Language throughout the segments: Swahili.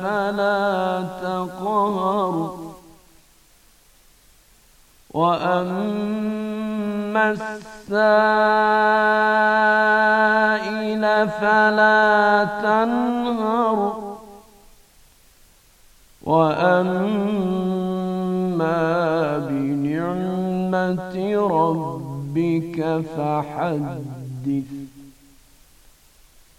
فلا تقهر وأما السائل فلا تنهر وأما بنعمة ربك فحدث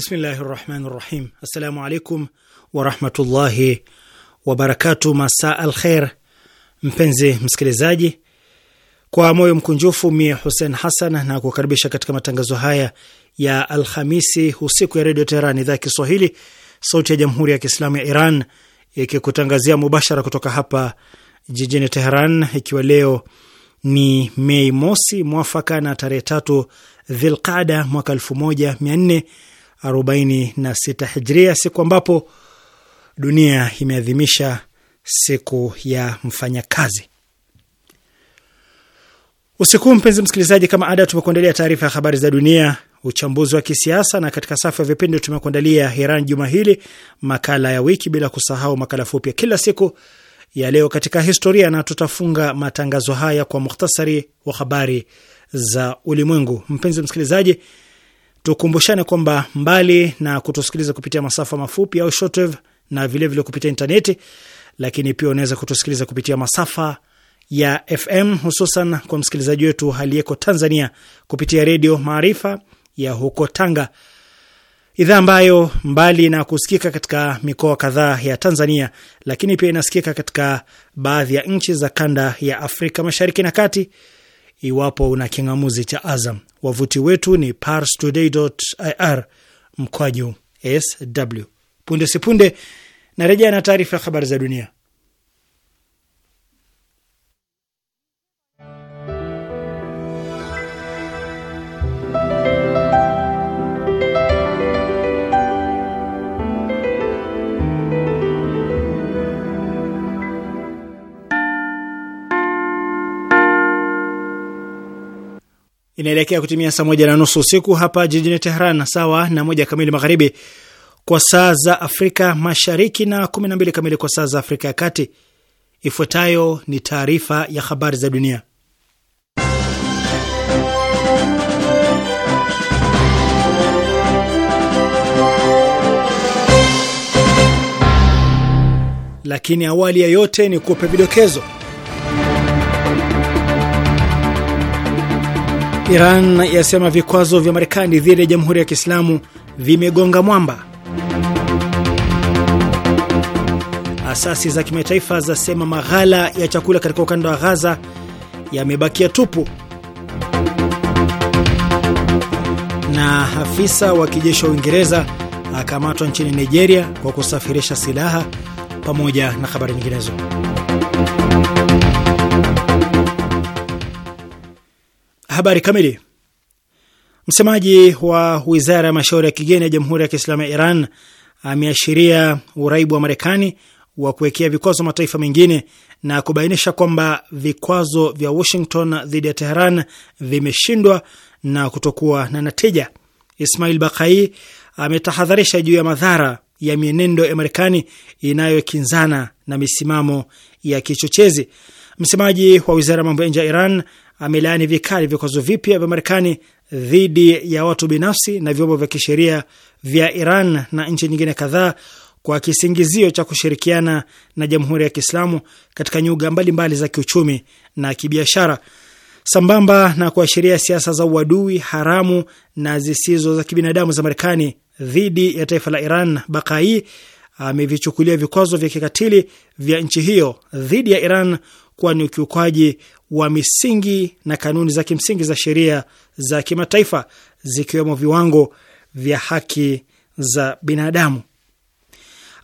Bismillahi rahmani rahim. Assalamu alaikum warahmatullahi wabarakatu. masa al kher, mpenzi msikilizaji, kwa moyo mkunjufu mi Husein Hasan na kukaribisha katika matangazo haya ya Alhamisi usiku ya Redio Teheran, idhaa ya Kiswahili, sauti ya Jamhuri ya Kiislamu ya Iran, ikikutangazia mubashara kutoka hapa jijini Teheran, ikiwa leo ni Mei mosi mwafaka na tarehe tatu Dhilqada mwaka elfu moja mia nne 46 Hijria, siku ambapo dunia imeadhimisha siku ya mfanyakazi. Usiku mpenzi msikilizaji, kama ada, tumekuandalia taarifa ya habari za dunia, uchambuzi wa kisiasa, na katika safu ya vipindi tumekuandalia Iran juma hili, makala ya wiki, bila kusahau makala fupi ya kila siku ya leo katika historia, na tutafunga matangazo haya kwa muhtasari wa habari za ulimwengu. Mpenzi msikilizaji Tukumbushane kwamba mbali na kutusikiliza kupitia masafa mafupi au shortwave na vilevile vile kupitia intaneti, lakini pia unaweza kutusikiliza kupitia masafa ya FM hususan kwa msikilizaji wetu aliyeko Tanzania kupitia Redio Maarifa ya huko Tanga, idhaa ambayo mbali na kusikika katika mikoa kadhaa ya Tanzania, lakini pia inasikika katika baadhi ya nchi za kanda ya Afrika Mashariki na Kati iwapo una kingamuzi cha Azam. Wavuti wetu ni parstoday.ir mkwaju sw. Punde sipunde na rejea na taarifa ya habari za dunia. inaelekea kutimia saa moja na nusu usiku hapa jijini Tehran, sawa na moja kamili magharibi kwa saa za Afrika Mashariki na kumi na mbili kamili kwa saa za Afrika ya Kati. Ifuatayo ni taarifa ya habari za dunia, lakini awali ya yote ni kupe vidokezo Iran yasema vikwazo vya Marekani dhidi ya Jamhuri ya Kiislamu vimegonga mwamba. Asasi za kimataifa zasema maghala ya chakula katika ukanda wa Ghaza yamebakia tupu. Na afisa wa kijeshi wa Uingereza akamatwa nchini Nigeria kwa kusafirisha silaha pamoja na habari nyinginezo. Habari kamili. Msemaji wa wizara ya mashauri ya kigeni ya Jamhuri ya Kiislamu ya Iran ameashiria uraibu wa Marekani wa kuwekea vikwazo mataifa mengine na kubainisha kwamba vikwazo vya Washington dhidi ya Teheran vimeshindwa na kutokuwa na natija. Ismail Bakai ametahadharisha juu ya madhara ya mienendo ya Marekani inayokinzana na misimamo ya kichochezi. Msemaji wa wizara ya mambo ya nje ya Iran amelaani vikali vikwazo vipya vya Marekani dhidi ya watu binafsi na vyombo vya kisheria vya Iran na nchi nyingine kadhaa kwa kisingizio cha kushirikiana na Jamhuri ya Kiislamu katika nyuga mbalimbali za kiuchumi na kibiashara, sambamba na kuashiria siasa za uadui haramu na zisizo za kibinadamu za Marekani dhidi ya taifa la Iran. Bakai amevichukulia vikwazo vya kikatili vya nchi hiyo dhidi ya Iran kuwa ni ukiukaji wa misingi na kanuni za kimsingi za sheria za kimataifa zikiwemo viwango vya haki za binadamu.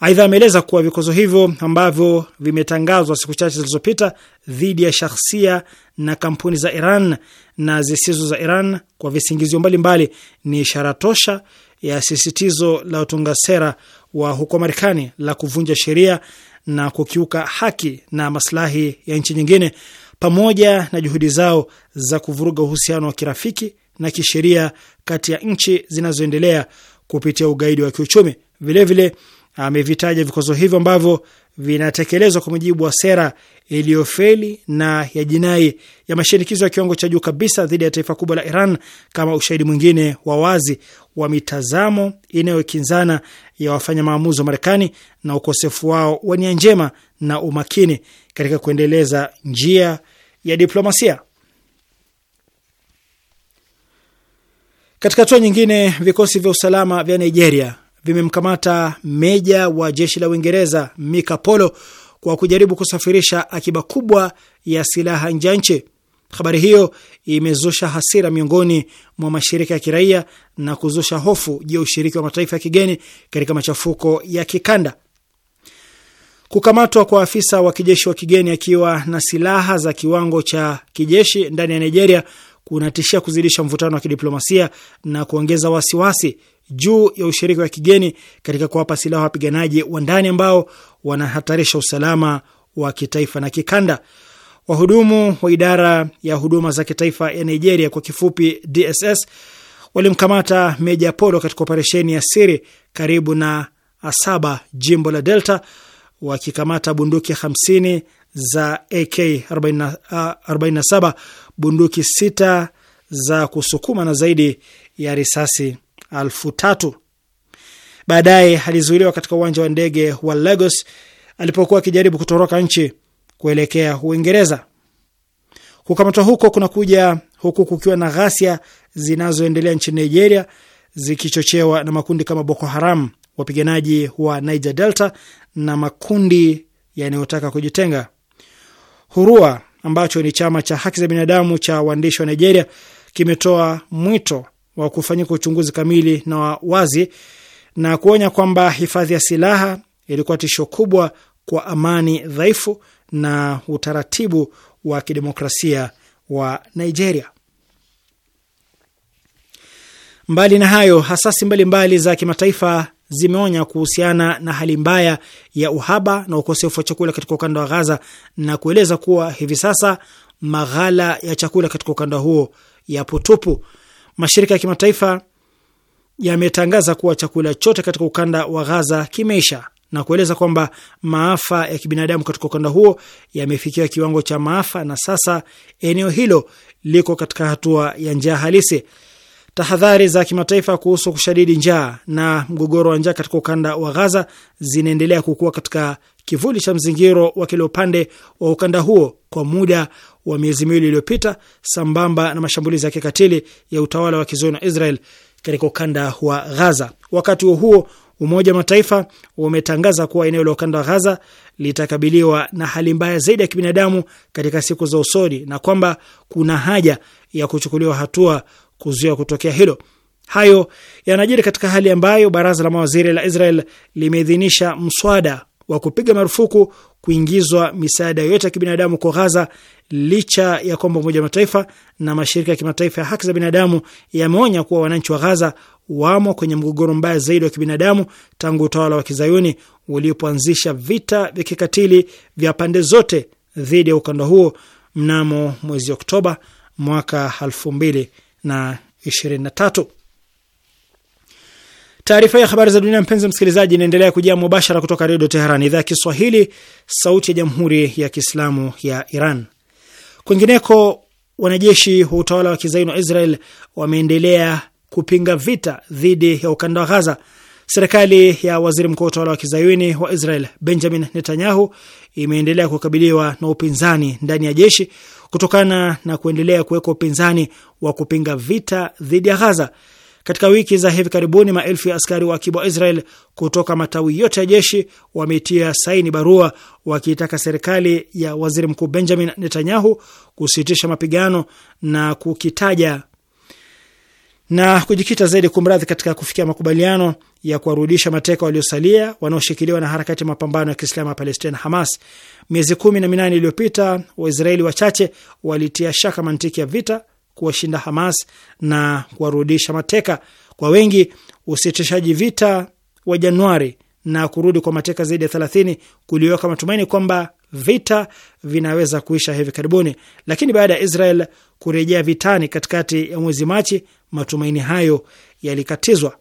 Aidha, ameeleza kuwa vikwazo hivyo ambavyo vimetangazwa siku chache zilizopita dhidi ya shahsia na kampuni za Iran na zisizo za Iran kwa visingizio mbalimbali ni ishara tosha ya sisitizo la utunga sera wa huko Marekani la kuvunja sheria na kukiuka haki na maslahi ya nchi nyingine, pamoja na juhudi zao za kuvuruga uhusiano wa kirafiki na kisheria kati ya nchi zinazoendelea kupitia ugaidi wa kiuchumi. Vilevile amevitaja vikwazo hivyo ambavyo vinatekelezwa kwa mujibu wa sera iliyofeli na ya jinai ya mashinikizo ya kiwango cha juu kabisa dhidi ya taifa kubwa la Iran kama ushahidi mwingine wa wazi wa mitazamo inayokinzana ya wafanya maamuzi wa Marekani na ukosefu wao wa nia njema na umakini katika kuendeleza njia ya diplomasia. Katika hatua nyingine, vikosi vya usalama vya Nigeria vimemkamata meja wa jeshi la Uingereza Mika Polo kwa kujaribu kusafirisha akiba kubwa ya silaha nje ya nchi. Habari hiyo imezusha hasira miongoni mwa mashirika ya kiraia na kuzusha hofu juu ya ushiriki wa mataifa ya kigeni katika machafuko ya kikanda. Kukamatwa kwa afisa wa kijeshi wa kigeni akiwa na silaha za kiwango cha kijeshi ndani ya Nigeria kunatishia kuzidisha mvutano wa kidiplomasia na kuongeza wasiwasi juu ya ushiriki wa kigeni katika kuwapa silaha wapiganaji wa ndani ambao wanahatarisha usalama wa kitaifa na kikanda. Wahudumu wa idara ya huduma za kitaifa ya Nigeria kwa kifupi DSS walimkamata Meja Polo katika operesheni ya siri karibu na Asaba, jimbo la Delta, wakikamata bunduki 50 za AK47, bunduki sita za kusukuma na zaidi ya risasi elfu tatu. Baadaye alizuiliwa katika uwanja wa ndege wa Lagos alipokuwa akijaribu kutoroka nchi kuelekea Uingereza. Kukamatwa huko kunakuja huku kukiwa na ghasia zinazoendelea nchini Nigeria, zikichochewa na makundi kama Boko Haram, wapiganaji wa Niger Delta na makundi yanayotaka kujitenga. Hurua ambacho ni chama cha haki za binadamu cha waandishi wa Nigeria kimetoa mwito wa kufanyika uchunguzi kamili na wazi na kuonya kwamba hifadhi ya silaha ilikuwa tisho kubwa kwa amani dhaifu na utaratibu wa kidemokrasia wa Nigeria. Mbali na hayo, hasasi mbalimbali za kimataifa zimeonya kuhusiana na hali mbaya ya uhaba na ukosefu wa chakula katika ukanda wa Gaza na kueleza kuwa hivi sasa maghala ya chakula katika ukanda huo yapo tupu. Mashirika ya kimataifa yametangaza kuwa chakula chote katika ukanda wa Ghaza kimeisha na kueleza kwamba maafa ya kibinadamu katika ukanda huo yamefikia kiwango cha maafa na sasa eneo hilo liko katika hatua ya njaa halisi. Tahadhari za kimataifa kuhusu kushadidi njaa na mgogoro wa njaa katika ukanda wa Ghaza zinaendelea kukua katika kivuli cha mzingiro wa kila upande wa ukanda huo kwa muda wa miezi miwili iliyopita, sambamba na mashambulizi ya kikatili ya utawala wa kizayuni wa Israel katika ukanda wa Gaza. Wakati huo huo, Umoja wa Mataifa umetangaza kuwa eneo la ukanda wa Gaza litakabiliwa na hali mbaya zaidi ya kibinadamu katika siku za usoni na kwamba kuna haja ya kuchukuliwa hatua kuzuia kutokea hilo. Hayo yanajiri katika hali ambayo baraza la mawaziri la Israel limeidhinisha mswada wa kupiga marufuku kuingizwa misaada yoyote ya kibinadamu kwa Ghaza, licha ya kwamba Umoja wa Mataifa na mashirika ya kimataifa ya haki za binadamu yameonya kuwa wananchi wa Ghaza wamo kwenye mgogoro mbaya zaidi wa kibinadamu tangu utawala wa kizayuni ulipoanzisha vita vya kikatili vya pande zote dhidi ya ukanda huo mnamo mwezi Oktoba mwaka elfu mbili na ishirini na tatu. Taarifa ya habari za dunia, mpenzi msikilizaji, inaendelea kujia mubashara kutoka Redio Teheran, idhaa ya Kiswahili, sauti ya jamhuri ya kiislamu ya Iran. Kwingineko, wanajeshi wa utawala wa kizaini wa Israel wameendelea kupinga vita dhidi ya ukanda wa Ghaza. Serikali ya waziri mkuu wa utawala wa kizayuni wa Israel Benjamin Netanyahu imeendelea kukabiliwa na upinzani ndani ya jeshi kutokana na kuendelea kuwekwa upinzani wa kupinga vita dhidi ya Ghaza. Katika wiki za hivi karibuni, maelfu ya askari wa akiba wa Israel kutoka matawi yote ya jeshi wametia saini barua wakiitaka serikali ya waziri mkuu Benjamin Netanyahu kusitisha mapigano na kukitaja na kujikita zaidi kumradhi, katika kufikia makubaliano ya kuwarudisha mateka waliosalia wanaoshikiliwa na harakati ya mapambano ya Kiislamu ya Palestina, Hamas. Miezi kumi na minane iliyopita Waisraeli wachache walitia shaka mantiki ya vita kuwashinda Hamas na kuwarudisha mateka. Kwa wengi, usitishaji vita wa Januari na kurudi kwa mateka zaidi ya thelathini kuliweka matumaini kwamba vita vinaweza kuisha hivi karibuni, lakini baada ya Israel kurejea vitani katikati ya mwezi Machi, matumaini hayo yalikatizwa.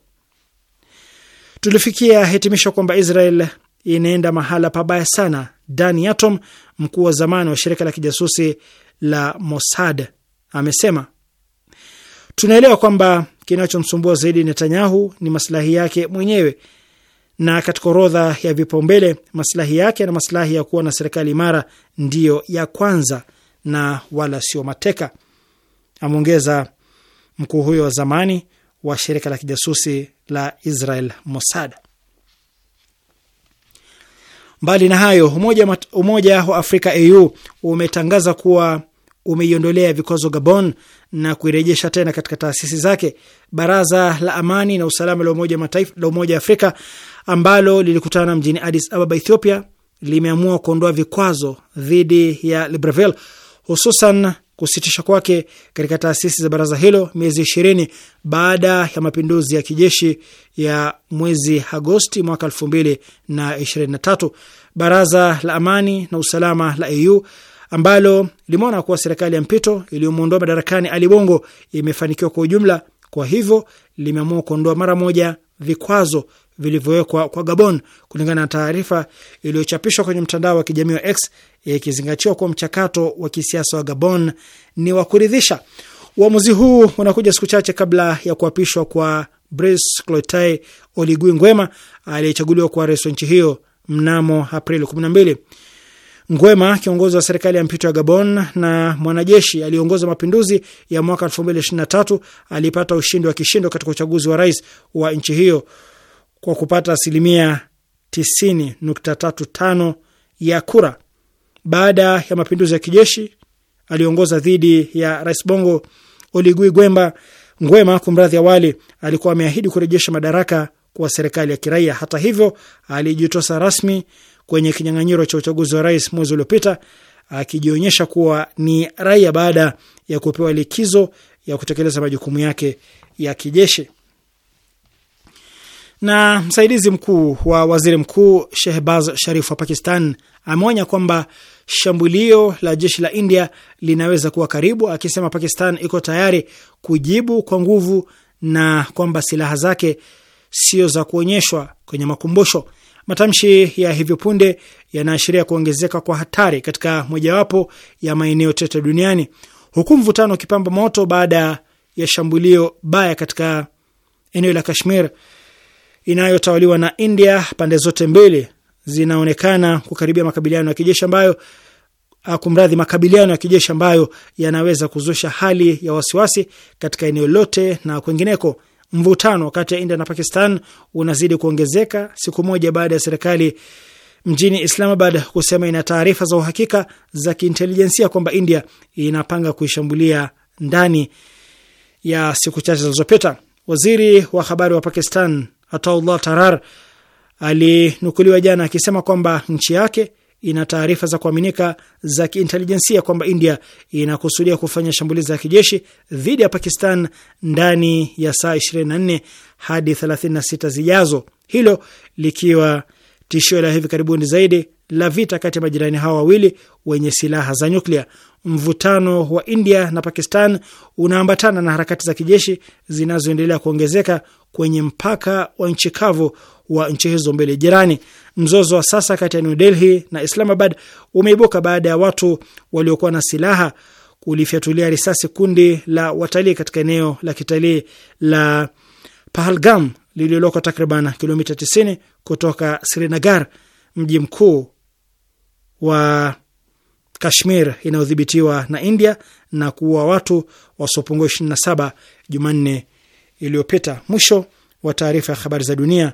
Tulifikia hitimisho kwamba Israel inaenda mahala pabaya sana. Dan Yatom, mkuu wa zamani wa shirika la kijasusi la Mossad, amesema tunaelewa kwamba kinachomsumbua zaidi Netanyahu ni maslahi yake mwenyewe, na katika orodha ya vipaumbele maslahi yake na maslahi ya kuwa na serikali imara ndiyo ya kwanza na wala sio mateka, ameongeza mkuu huyo wa zamani wa shirika la kijasusi la Israel Mossad. Mbali na hayo, Umoja, Umoja wa Afrika AU umetangaza kuwa umeiondolea vikwazo Gabon na kuirejesha tena katika taasisi zake. Baraza la Amani na Usalama la Umoja Mataifa la Umoja wa Afrika ambalo lilikutana mjini Addis Ababa, Ethiopia, limeamua kuondoa vikwazo dhidi ya Libreville, hususan kusitisha kwake katika taasisi za baraza hilo miezi ishirini baada ya mapinduzi ya kijeshi ya mwezi Agosti mwaka elfu mbili na ishirini na tatu. Baraza la Amani na Usalama la AU ambalo limeona kuwa serikali ya mpito iliyomwondoa madarakani Ali Bongo imefanikiwa kwa ujumla. Kwa hivyo limeamua kuondoa mara moja vikwazo vilivyowekwa kwa Gabon, kulingana na taarifa iliyochapishwa kwenye mtandao wa kijamii wa X, ikizingatiwa kuwa mchakato wa kisiasa wa Gabon ni wa kuridhisha. Uamuzi huu unakuja siku chache kabla ya kuapishwa kwa Brice Clotaire Oligui Nguema aliyechaguliwa kuwa rais wa nchi hiyo mnamo Aprili 12. Ngwema, kiongozi wa serikali ya mpito ya Gabon na mwanajeshi aliyeongoza mapinduzi ya mwaka 2023 alipata ushindi wa kishindo katika uchaguzi wa rais wa nchi hiyo kwa kupata asilimia 90.35 ya kura. Baada ya mapinduzi ya kijeshi aliongoza dhidi ya Rais Bongo Oligui Gwemba Ngwema, kumradhi. Awali alikuwa ameahidi kurejesha madaraka kwa serikali ya kiraia. Hata hivyo, alijitosa rasmi kwenye kinyang'anyiro cha uchaguzi wa rais mwezi uliopita, akijionyesha kuwa ni raia baada ya kupewa likizo ya kutekeleza majukumu yake ya kijeshi. Na msaidizi mkuu wa waziri mkuu Shehbaz Sharif wa Pakistan ameonya kwamba shambulio la jeshi la India linaweza kuwa karibu, akisema Pakistan iko tayari kujibu kwa nguvu na kwamba silaha zake sio za kuonyeshwa kwenye makumbusho. Matamshi ya hivi punde yanaashiria kuongezeka kwa hatari katika mojawapo ya maeneo tete duniani, huku mvutano ukipamba moto baada ya shambulio baya katika eneo la Kashmir inayotawaliwa na India. Pande zote mbili zinaonekana kukaribia makabiliano ya kijeshi ambayo kumradhi, makabiliano ya kijeshi ambayo yanaweza kuzusha hali ya wasiwasi katika eneo lote na kwingineko. Mvutano kati ya India na Pakistan unazidi kuongezeka siku moja baada ya serikali mjini Islamabad kusema ina taarifa za uhakika za kiintelijensia kwamba India inapanga kuishambulia ndani ya siku chache zilizopita. Waziri wa habari wa Pakistan Ataullah Tarar alinukuliwa jana akisema kwamba nchi yake ina taarifa za kuaminika za kiintelijensia kwamba India inakusudia kufanya shambulizi za kijeshi dhidi ya Pakistan ndani ya saa 24 hadi 36 zijazo, hilo likiwa tishio la hivi karibuni zaidi la vita kati ya majirani hawa wawili wenye silaha za nyuklia. Mvutano wa India na Pakistan unaambatana na harakati za kijeshi zinazoendelea kuongezeka kwenye mpaka wa nchi kavu wa nchi hizo mbili jirani. Mzozo wa sasa kati ya New Delhi na Islamabad umeibuka baada ya watu waliokuwa na silaha kulifyatulia risasi kundi la watalii katika eneo la kitalii la Pahalgam lililoko takriban kilomita 90 kutoka Srinagar, mji mkuu wa Kashmir inayodhibitiwa na India na kuua watu wasiopungua 27 Jumanne iliyopita. Mwisho wa taarifa ya habari za dunia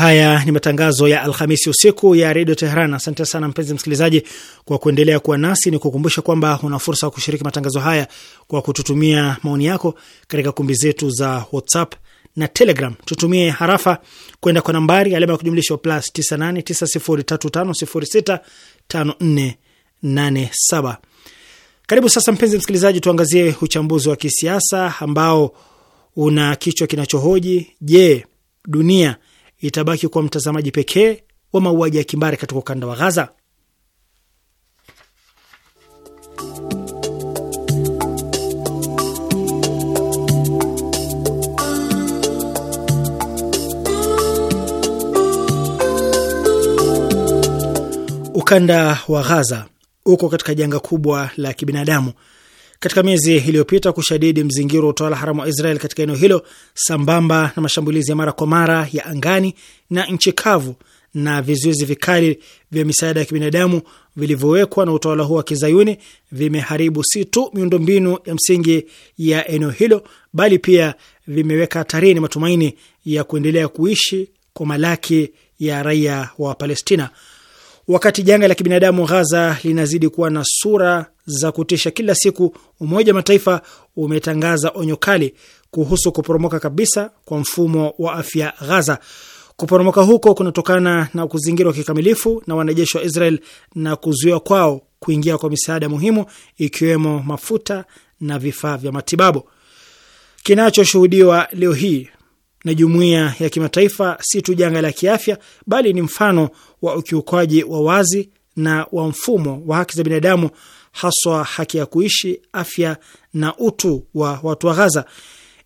Haya ni matangazo ya Alhamisi usiku ya redio teheran Asante sana mpenzi msikilizaji kwa kuendelea kuwa nasi. Ni kukumbusha kwamba una fursa ya kushiriki matangazo haya kwa kututumia maoni yako katika kumbi zetu za WhatsApp na Telegram. Tutumie harafa kwenda kwa nambari alama ya kujumlisha plus 989035065487. Karibu sasa, mpenzi msikilizaji, tuangazie uchambuzi wa kisiasa ambao una kichwa kinachohoji je, dunia itabaki kuwa mtazamaji pekee wa mauaji ya kimbari katika ukanda wa Ghaza. Ukanda wa Ghaza uko katika janga kubwa la kibinadamu katika miezi iliyopita kushadidi mzingiro wa utawala haramu wa Israel katika eneo hilo sambamba na mashambulizi ya mara kwa mara ya angani na nchi kavu na vizuizi vikali vya misaada ya kibinadamu vilivyowekwa na utawala huo wa kizayuni vimeharibu si tu miundombinu ya msingi ya eneo hilo bali pia vimeweka hatarini matumaini ya kuendelea kuishi kwa malaki ya raia wa Palestina. Wakati janga la kibinadamu Ghaza linazidi kuwa na sura za kutisha kila siku, Umoja wa Mataifa umetangaza onyo kali kuhusu kuporomoka kabisa kwa mfumo wa afya Ghaza. Kuporomoka huko kunatokana na kuzingirwa kikamilifu na wanajeshi wa Israel na kuzuiwa kwao kuingia kwa misaada muhimu ikiwemo mafuta na vifaa vya matibabu. Kinachoshuhudiwa leo hii na jumuiya ya kimataifa si tu janga la kiafya, bali ni mfano wa ukiukwaji wa wazi na wa mfumo wa haki za binadamu, haswa haki ya kuishi, afya na utu wa watu wa Gaza.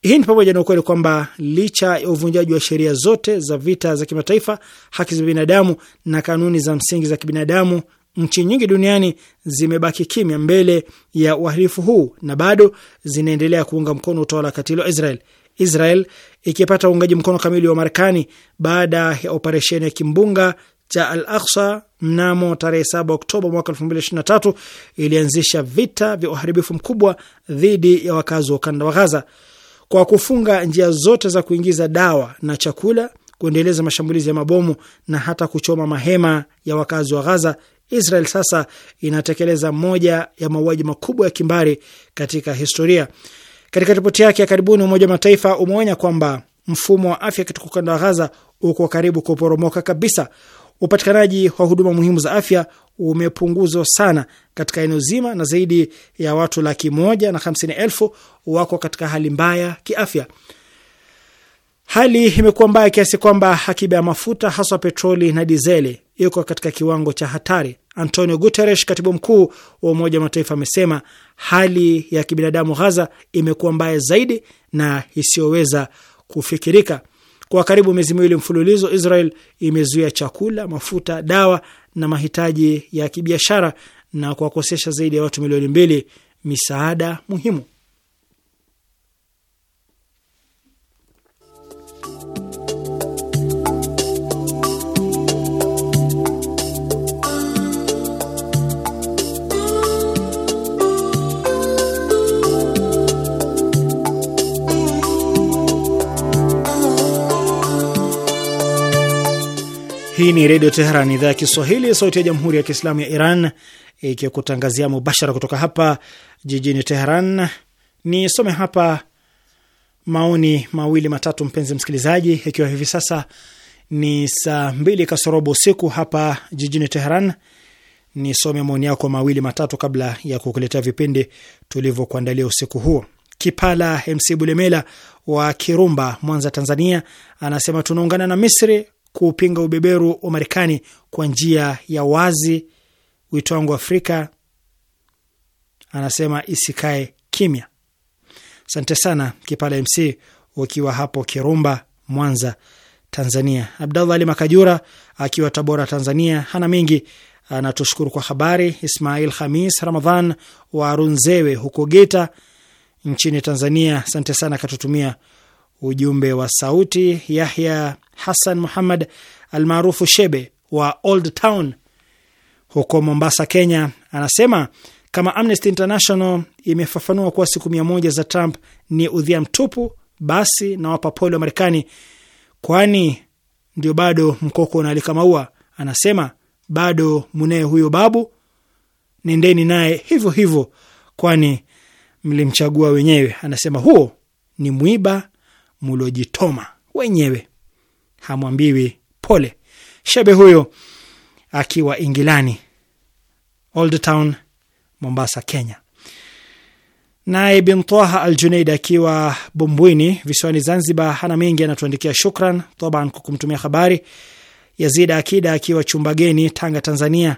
Hii ni pamoja na ukweli kwamba licha ya uvunjaji wa sheria zote za vita za kimataifa, haki za binadamu na kanuni za msingi za kibinadamu, nchi nyingi duniani zimebaki kimya mbele ya uhalifu huu na bado zinaendelea kuunga mkono utawala katili wa Israel. Israel ikipata uungaji mkono kamili wa Marekani baada ya operesheni ya kimbunga cha Al Aksa mnamo tarehe 7 Oktoba mwaka 2023 ilianzisha vita vya uharibifu mkubwa dhidi ya wakazi wa ukanda wa Ghaza kwa kufunga njia zote za kuingiza dawa na chakula, kuendeleza mashambulizi ya mabomu na hata kuchoma mahema ya wakazi wa Ghaza. Israel sasa inatekeleza moja ya mauaji makubwa ya kimbari katika historia. Katika ripoti yake ya karibuni, Umoja wa Mataifa umeonya kwamba mfumo wa afya katika ukanda wa Ghaza uko karibu kuporomoka kabisa. Upatikanaji wa huduma muhimu za afya umepunguzwa sana katika eneo zima na zaidi ya watu laki moja na hamsini elfu wako katika hali mbaya kiafya. Hali imekuwa mbaya kiasi kwamba akiba ya mafuta haswa petroli na dizeli iko katika kiwango cha hatari. Antonio Guterres, katibu mkuu wa Umoja wa Mataifa, amesema hali ya kibinadamu Ghaza imekuwa mbaya zaidi na isiyoweza kufikirika. Kwa karibu miezi miwili mfululizo, Israel imezuia chakula, mafuta, dawa na mahitaji ya kibiashara na kuwakosesha zaidi ya watu milioni mbili misaada muhimu. Hii ni Redio Teheran, idhaa ya Kiswahili, sauti ya Jamhuri ya Kiislamu ya Iran, ikikutangazia mubashara kutoka hapa jijini Teheran. Nisome hapa maoni mawili matatu, mpenzi msikilizaji, ikiwa hivi sasa ni saa mbili kasorobo usiku hapa jijini Teheran. Nisome maoni yako mawili matatu kabla ya kukuletea vipindi tulivyokuandalia usiku huo. Kipala MC Bulemela wa Kirumba, Mwanza, Tanzania, anasema tunaungana na Misri kuupinga ubeberu wa Marekani kwa njia ya wazi. Wito wangu Afrika, anasema isikae kimya. Asante sana Kipala MC ukiwa hapo Kirumba, Mwanza, Tanzania. Abdallah Ali Makajura akiwa Tabora, Tanzania, hana mengi anatushukuru kwa habari. Ismail Hamis Ramadhan wa Runzewe huko Geita nchini Tanzania, asante sana, katutumia ujumbe wa sauti Yahya Hassan Muhammad almaarufu Shebe wa Old Town huko Mombasa, Kenya, anasema kama Amnesty International imefafanua kuwa siku mia moja za Trump ni udhia mtupu, basi na wapa pole wa Marekani, kwani ndio bado mkoko unaalika maua. Anasema bado munaye huyo babu, nendeni naye hivyo hivyo, kwani mlimchagua wenyewe. Anasema huo ni mwiba mulojitoma wenyewe, hamwambiwi pole. Shebe huyo akiwa Ingilani, Old Town Mombasa, Kenya. Naye Bintaha Al Junaid akiwa Bumbwini visiwani Zanzibar hana mengi, anatuandikia shukran taban kwa kumtumia habari. Yazid Akida akiwa Chumbageni, Tanga, Tanzania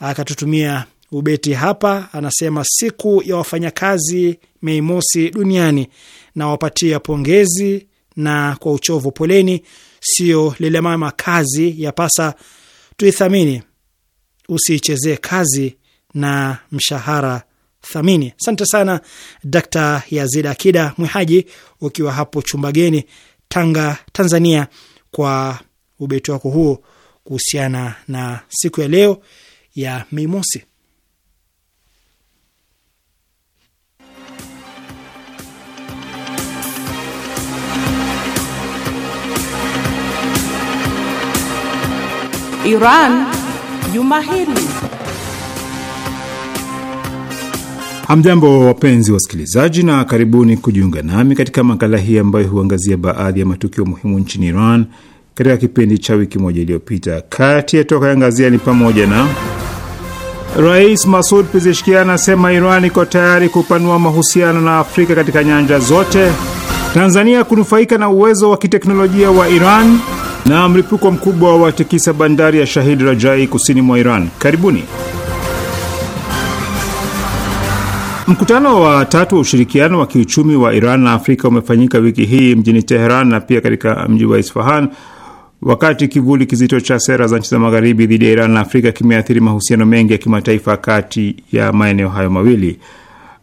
akatutumia ubeti hapa, anasema siku ya wafanyakazi Mei Mosi duniani na wapatia pongezi na kwa uchovu poleni, sio lile mama kazi ya pasa tuithamini, usiichezee kazi na mshahara thamini. Asante sana Dakta Yazid Akida Mwihaji, ukiwa hapo Chumbageni, Tanga, Tanzania, kwa ubeti wako huo kuhusiana na siku ya leo ya Mei Mosi. Iran juma hili. Hamjambo, wapenzi wasikilizaji, na karibuni kujiunga nami katika makala hii ambayo huangazia baadhi ya matukio muhimu nchini Iran katika kipindi cha wiki moja iliyopita. Kati ya toka ni pamoja na Rais Masud Pezeshkian anasema Iran iko tayari kupanua mahusiano na Afrika katika nyanja zote, Tanzania kunufaika na uwezo wa kiteknolojia wa Iran na mlipuko mkubwa wa tikisa bandari ya Shahid Rajai kusini mwa Iran. Karibuni. Mkutano wa tatu wa ushirikiano wa kiuchumi wa Iran na Afrika umefanyika wiki hii mjini Teheran na pia katika mji wa Isfahan, wakati kivuli kizito cha sera za nchi za magharibi dhidi ya Iran na Afrika kimeathiri mahusiano mengi ya kimataifa kati ya maeneo hayo mawili.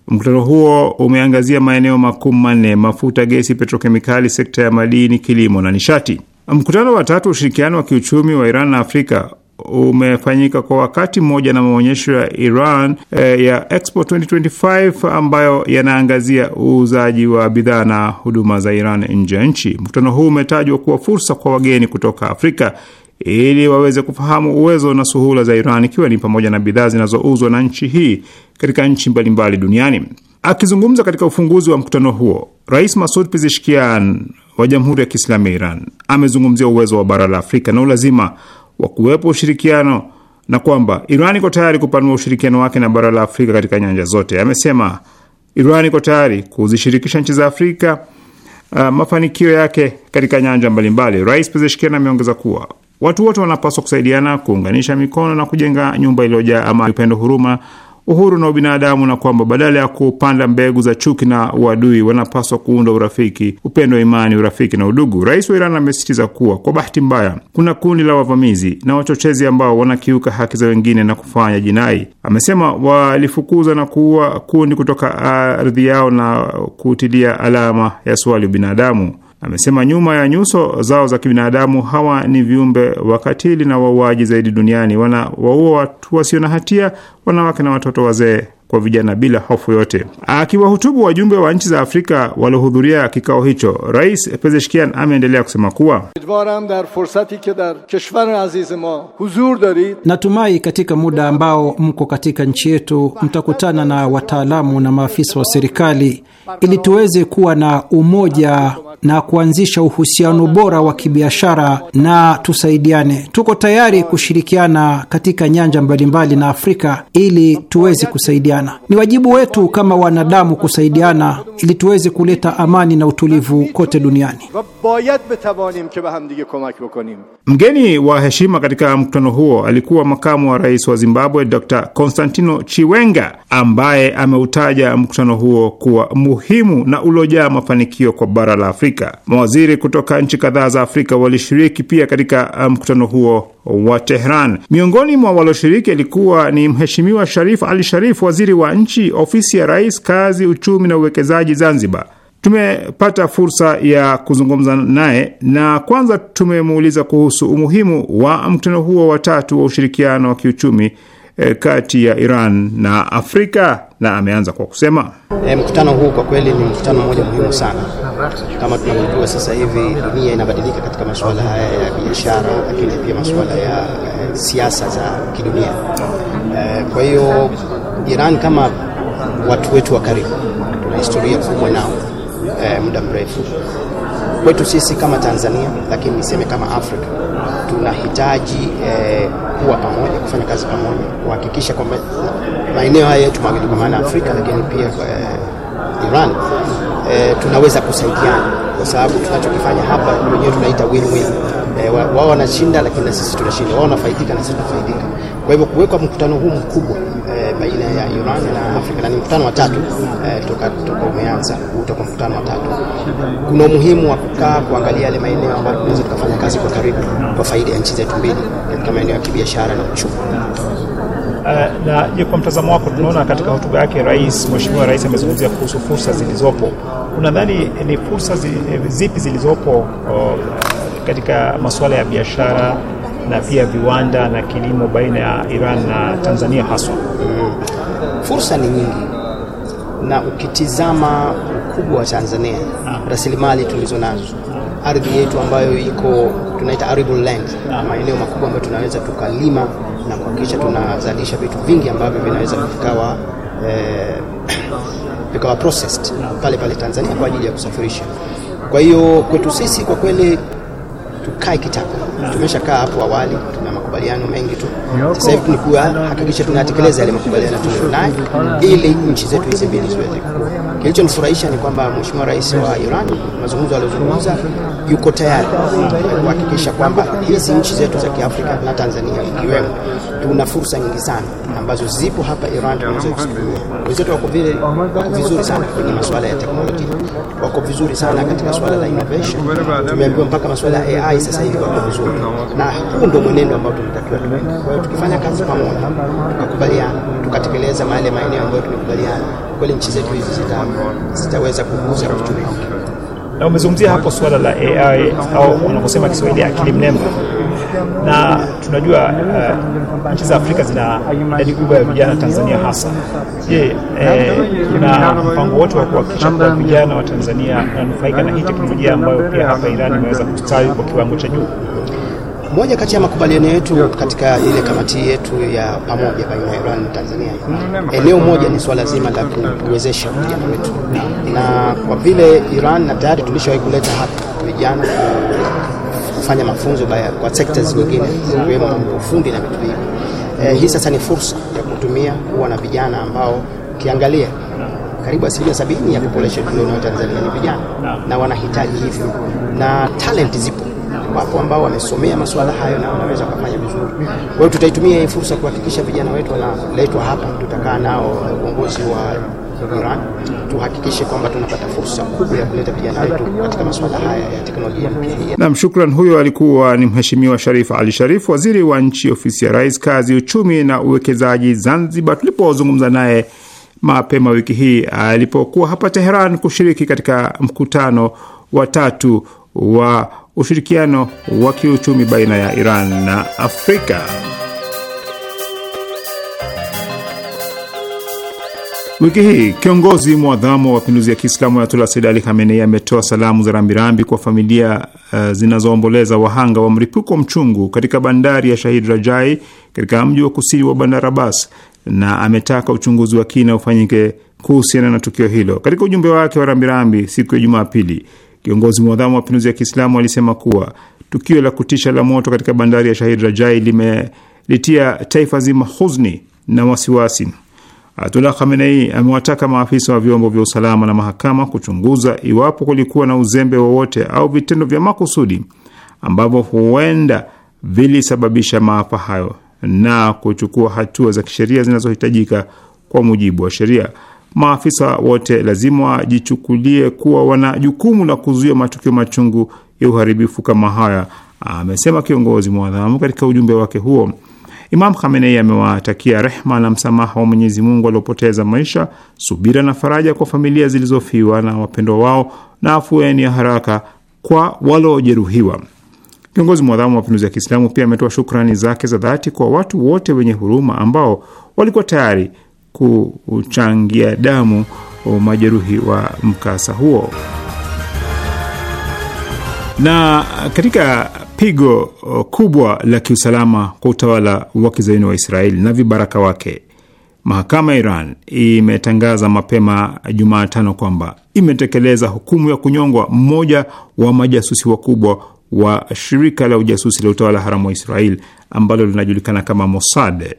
Mkutano huo umeangazia maeneo makuu manne: mafuta, gesi, petrokemikali, sekta ya madini, kilimo na nishati. Mkutano wa tatu wa ushirikiano wa kiuchumi wa Iran na Afrika umefanyika kwa wakati mmoja na maonyesho ya Iran eh, ya Expo 2025 ambayo yanaangazia uuzaji wa bidhaa na huduma za Iran nje ya nchi. Mkutano huu umetajwa kuwa fursa kwa wageni kutoka Afrika ili waweze kufahamu uwezo na suhula za Iran ikiwa ni pamoja na bidhaa zinazouzwa na nchi hii katika nchi mbalimbali duniani. Akizungumza katika ufunguzi wa mkutano huo, Rais Masoud Pezeshkian wa Jamhuri ya Kiislamu ya Iran amezungumzia uwezo wa bara la Afrika na ulazima wa kuwepo ushirikiano na kwamba Iran iko tayari kupanua ushirikiano wake na bara la Afrika katika nyanja zote. Amesema Iran iko tayari kuzishirikisha nchi za Afrika uh, mafanikio yake katika nyanja mbalimbali. Rais Pezeshkian ameongeza kuwa watu wote wanapaswa kusaidiana, kuunganisha mikono na kujenga nyumba iliyojaa ama upendo, huruma uhuru na ubinadamu, na kwamba badala ya kupanda mbegu za chuki na uadui wanapaswa kuunda urafiki, upendo wa imani, urafiki na udugu. Rais wa Iran amesisitiza kuwa kwa bahati mbaya kuna kundi la wavamizi na wachochezi ambao wanakiuka haki za wengine na kufanya jinai. Amesema walifukuza na kuua kundi kutoka ardhi yao na kutilia alama ya swali ubinadamu. Amesema nyuma ya nyuso zao za kibinadamu hawa ni viumbe wakatili na wauaji zaidi duniani. Wana waua watu wasio na hatia, wanawake na watoto wazee kwa vijana bila hofu yote. Akiwahutubu wajumbe wa nchi za Afrika waliohudhuria kikao hicho, Rais Pezeshkian ameendelea kusema kuwa natumai katika muda ambao mko katika nchi yetu mtakutana na wataalamu na maafisa wa serikali ili tuweze kuwa na umoja na kuanzisha uhusiano bora wa kibiashara na tusaidiane. Tuko tayari kushirikiana katika nyanja mbalimbali na Afrika ili tuweze kusaidiana kusaidiana. Ni wajibu wetu kama wanadamu kusaidiana ili tuweze kuleta amani na utulivu kote duniani. Mgeni wa heshima katika mkutano huo alikuwa makamu wa rais wa Zimbabwe Dr. Constantino Chiwenga ambaye ameutaja mkutano huo kuwa muhimu na uliojaa mafanikio kwa bara la Afrika. Mawaziri kutoka nchi kadhaa za Afrika walishiriki pia katika uh, mkutano huo wa Tehran. Miongoni mwa walioshiriki alikuwa ni Mheshimiwa Sharif Ali Sharif, waziri waziri wa nchi, ofisi ya rais, kazi, uchumi na uwekezaji Zanzibar. Tumepata fursa ya kuzungumza naye na kwanza tumemuuliza kuhusu umuhimu wa mkutano huo wa tatu wa ushirikiano wa kiuchumi e, kati ya Iran na Afrika na ameanza kwa kusema e, mkutano huu kwa kweli ni mkutano mmoja muhimu sana. Kama tunavyojua sasa hivi dunia inabadilika katika masuala haya ya biashara, lakini pia masuala ya e, siasa za kidunia e, kwa hiyo Iran kama watu wetu wa karibu, tuna historia kubwa nao e, muda mrefu kwetu sisi kama Tanzania, lakini niseme kama Afrika tunahitaji e, kuwa pamoja, kufanya kazi pamoja, kuhakikisha kwamba maeneo haya yetu mawili kwa maana Afrika lakini pia e, Iran e, tunaweza kusaidiana kwa sababu tunachokifanya hapa wenyewe tunaita win-win. E, wao wanashinda, lakini na sisi tunashinda, wao wanafaidika na sisi tunafaidika. Kwa hivyo kuwekwa mkutano huu mkubwa e, baina ya Iran na Afrika na ni mkutano wa tatu eh, toka toka umeanza utakuwa mkutano wa tatu. Kuna umuhimu wa kukaa kuangalia yale maeneo ambayo tunaweza tukafanya kazi kwa karibu kwa faida ya nchi zetu mbili katika maeneo ya kibiashara na uchumi. Uh, na je, kwa mtazamo wako tunaona katika hotuba yake rais, mheshimiwa rais amezungumzia kuhusu fursa zilizopo. Unadhani ni fursa zi, eh, zipi zilizopo uh, katika masuala ya biashara na pia viwanda na kilimo baina ya Iran na Tanzania haswa? Fursa ni nyingi, na ukitizama ukubwa wa Tanzania, rasilimali tulizo nazo, ardhi yetu ambayo iko tunaita arable land, maeneo makubwa ambayo tunaweza tukalima na kuhakikisha tunazalisha vitu vingi ambavyo vinaweza vikawa eh, vikawa processed pale pale Tanzania kwa ajili ya kusafirisha. Kwa hiyo kwetu sisi kwa kweli tukae kitako. Tumeshakaa hapo awali, tuna makubaliano mengi tu. Sasa hivi ni kuhakikisha tunatekeleza yale makubaliano tuliyonayo ili nchi zetu hizi mbili ziweze kukua. Kilichonifurahisha ni kwamba Mheshimiwa Rais wa Iran, mazungumzo aliyozungumza, yuko tayari kuhakikisha kwamba hizi nchi zetu za Kiafrika na Tanzania ikiwemo, tuna fursa nyingi sana ambazo zipo hapa Iran tunaweza kuzitumia. Wenzetu wako vile, vizuri sana kwenye masuala ya teknolojia, wako vizuri sana katika swala la innovation, tumeambiwa mpaka masuala ya AI sasa hivi wako vizuri, na huu ndio mwenendo ambao tunatakiwa tuwe tukifanya kazi pamoja, tukakubaliana, tukatekeleza yale maeneo ambayo tumekubaliana, kweli nchi zetu hizi zita, zitaweza kukuza uchumi. Na umezungumzia hapo suala la AI au wanavyosema Kiswahili akili mnemba, na tunajua uh, nchi za Afrika zina idadi kubwa ya vijana, Tanzania hasa. Je, eh, kuna eh, mpango wote wa kuhakikisha kuwa vijana wa Tanzania wananufaika na hii teknolojia ambayo pia hapa Irani imeweza kustawi kwa kiwango cha juu? Moja kati ya makubaliano yetu katika ile kamati yetu ya pamoja baina ya Iran na Tanzania, eneo moja ni swala zima la kuwezesha vijana wetu, na kwa vile Iran na tayari tulishawahi kuleta hapa vijana kufanya mafunzo baya kwa sectors nyingine zikiwemo ufundi na vitu hivyo. E, eh, hii sasa ni fursa ya kutumia kuwa na vijana ambao ukiangalia karibu asilimia sabini ya population tulionao Tanzania ni vijana na wanahitaji hivyo, na talent zipo wapo ambao wamesomea masuala hayo na wanaweza kufanya vizuri. Kwa hiyo tutaitumia hii fursa kuhakikisha vijana wetu wanaletwa hapa, tutakaa nao uongozi wa Iran tuhakikishe kwamba tunapata fursa kubwa ya kuleta vijana wetu katika masuala haya ya teknolojia mpya. Naam, shukran. Huyo alikuwa ni Mheshimiwa Sharif Ali Sharif, waziri wa nchi ofisi ya Rais, kazi, uchumi na uwekezaji Zanzibar, tulipozungumza naye mapema wiki hii alipokuwa hapa Teheran kushiriki katika mkutano wa tatu wa ushirikiano wa kiuchumi baina ya Iran na Afrika. Wiki hii kiongozi mwadhamu wa mapinduzi ya Kiislamu Ayatullah Said Ali Khamenei ametoa salamu za rambirambi kwa familia uh, zinazoomboleza wahanga wa mripuko mchungu katika bandari ya Shahid Rajai katika mji wa kusini wa Bandar Abbas, na ametaka uchunguzi wa kina ufanyike kuhusiana na tukio hilo. Katika ujumbe wake wa rambirambi siku ya Jumapili, Kiongozi mwadhamu wa mapinduzi ya Kiislamu alisema kuwa tukio la kutisha la moto katika bandari ya Shahid Rajai limelitia taifa zima huzuni na wasiwasi. Ayatullah Khamenei amewataka maafisa wa vyombo vya usalama na mahakama kuchunguza iwapo kulikuwa na uzembe wowote au vitendo vya makusudi ambavyo huenda vilisababisha maafa hayo na kuchukua hatua za kisheria zinazohitajika kwa mujibu wa sheria maafisa wote lazima wajichukulie kuwa wana jukumu la kuzuia matukio machungu ya uharibifu kama haya, amesema kiongozi mwadhamu katika ujumbe wake huo. Imam Khamenei amewatakia rehma na msamaha wa Mwenyezi Mungu waliopoteza maisha, subira na faraja kwa familia zilizofiwa na wapendwa wao, na afueni ya haraka kwa waliojeruhiwa. Kiongozi mwadhamu wa mapinduzi ya Kiislamu pia ametoa shukrani zake za dhati kwa watu wote wenye huruma ambao walikuwa tayari kuchangia damu majeruhi wa mkasa huo. Na katika pigo kubwa la kiusalama kwa utawala wa kizaini wa Israeli na vibaraka wake, mahakama ya Iran imetangaza mapema Jumatano kwamba imetekeleza hukumu ya kunyongwa mmoja wa majasusi wakubwa wa shirika la ujasusi la utawala haramu wa Israeli ambalo linajulikana kama Mossad.